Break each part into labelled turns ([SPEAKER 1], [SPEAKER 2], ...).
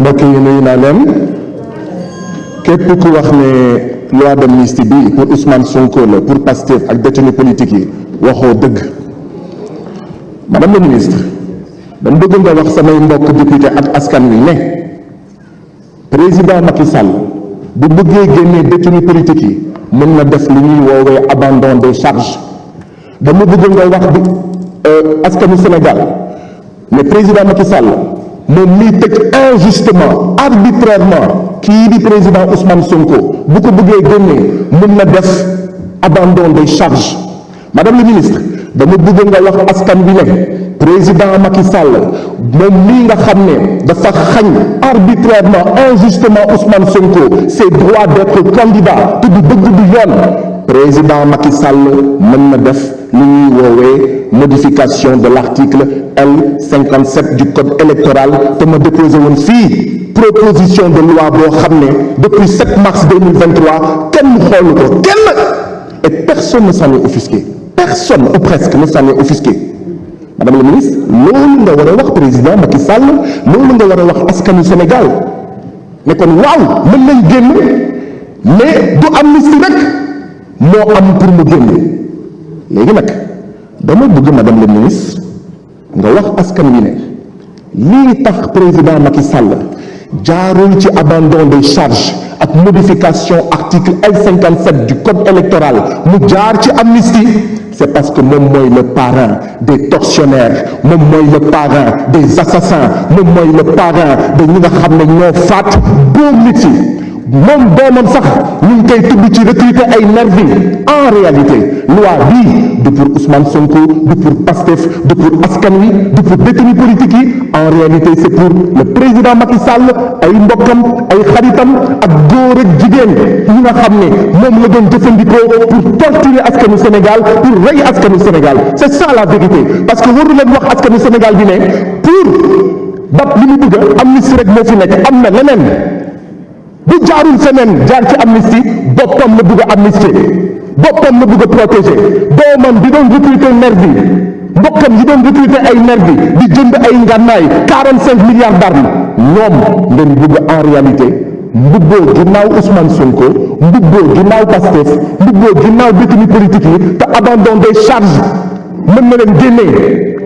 [SPEAKER 1] mbokk yi nuyu naa leen képp ku wax ne de d'amnistie bi pour Ousmane Sonko la pour Pastef ak détenu politique yi waxoo dëgg madame la ministre dama bëgg nga wax samay mbokk député ak askan wi ne président Macky Sall bu bëggee génnee détenu politique yi mën na def lu ñuy woowee abandon des charges dama bëgg nga wax bi Euh, au Sénégal le président Macky Sall moom injustement arbitrairement qui le président Ousmane Sonko beaucoup de bëggee donné def abandon des charges madame la ministre dama bëgg nga wax askan président Macky Sall moom nga arbitrairement injustement Ousmane Sonko ses droits d'être candidat tout le monde, du président Macky Sall mën pas def modification de l'article L57 du code électoral que ma déposé une proposition de loi bo xamné depuis 7 mars 2023 kenn xoolu ko kenn et personne ne s'en est offusqué personne ou presque ne s'en est offusqué madame la ministre loolu nga wara wax président Macky Sall loolu nga wara wax askanu Sénégal mais kon waaw meun lañu génn mais du amnistie rek mo am pour mu génn légui nak mon bëgg madame le ministre nga wax askan wi ne lii tax président Macky Sall jaarul ci abandon des charges ak modification article L57 du code électoral mu jaar ci amnistie c'est parce que moom mooy le parrain des tortionnaires moom mooy le parrain des assassins moom mooy le parrain de ñi nga xam ne ñoo faat moom doomam sax ñu ngi koy tudd ci recruter ay nervi en réalité loi bii du pour Ousmane Sonko du pour Pastef du pour askan wi du pour détenus politiques yi en réalité c'est pour le président Macky Sall ay mbokam ay xaritam ak góor ak jigéen ñi nga xam ne moom la doon jëfandikoo pour torturer askanu Sénégal pour rey askanu Sénégal c'est ça la vérité parce que waru leen wax askanu Sénégal bi ne pour dab li mu bëgg amnistie rek moo fi nekk am na leneen bu jaarul feneen jaar ci amnistie boppam la bëgg a amnistier boppam la bëgg a protéger doomam bi doon recruter nervi mbokkam yi doon recruter ay nervi di jënd ay ngànnaay 45 milliards d'armes ñoom lañ bëgg en réalité mbubboo ginnaaw Ousmane Sonko mbubboo ginnaaw Pastef mbubboo ginnaaw détenu politique yi te abandon des na leen génnee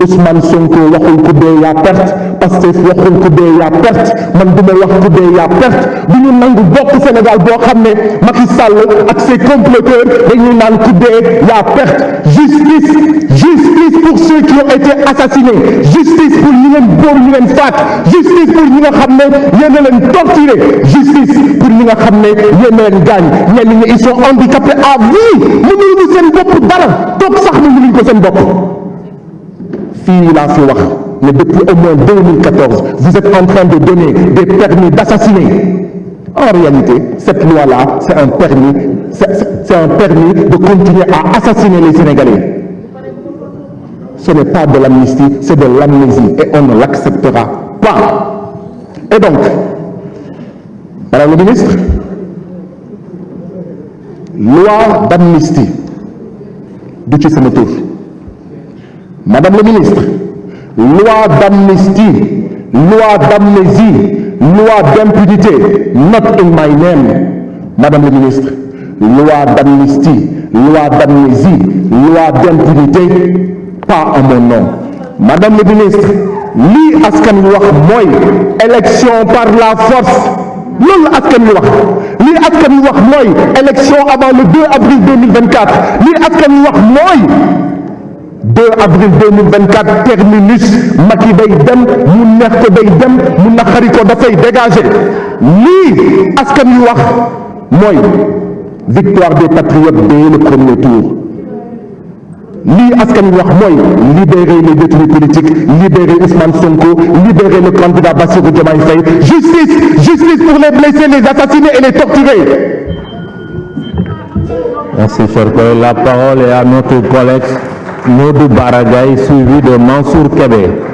[SPEAKER 1] Ousmane Sonko waxul ku dee yaa perte Pastef waxul ku dee ya perte man du wax ku dee yaa perte du ñu nangu bokk Sénégal bo xamné ne Macky Sall ak ses comploteurs dañuy naan ku dee yaa perte justice justice pour ceux qui ont été assassinés justice pour ñi leen bóor ñi leen faat justice pour ñi nga xamné ne yéen a leen torturé justice pour ñi nga xamné ne yéen a leen gaañ ñenn ñi ils sont handicapés à vie mënuñu seen bopp dara toog sax mënuñu ko seen bopp la a mais depuis au moins 2014 vous êtes en train de donner des permis d'assassiner en réalité cette loi là c'est un permis c'est un permis de continuer à assassiner les Sénégalais ce n'est pas de l'amnistie c'est de l'amnésie et on ne l'acceptera pas et donc Madame le ministre loi d'amnistie du ci Madame la ministre, loi d'amnistie, loi d'amnésie, loi d'impunité, not in my name. Madame la ministre, loi d'amnistie, loi d'amnésie, loi d'impunité, pas en mon nom. Madame la ministre, li moy élection par la force loolu wax élection avant le 2 avril 2024 Li askan 2 avril 2024 terminus Maki baydem. dem baydem. neex day dem ko dafay dégager askan victoire des patriotes dès le premier tour Ni askan yu moi, libérer les détenus politiques libérer Ousmane Sonko libérer le candidat Bassirou Diomaye Faye justice justice pour les blessés les assassinés et les torturés merci cher collègue la parole est à notre collègue Modou Baragaï suivi de Mansour Kébé.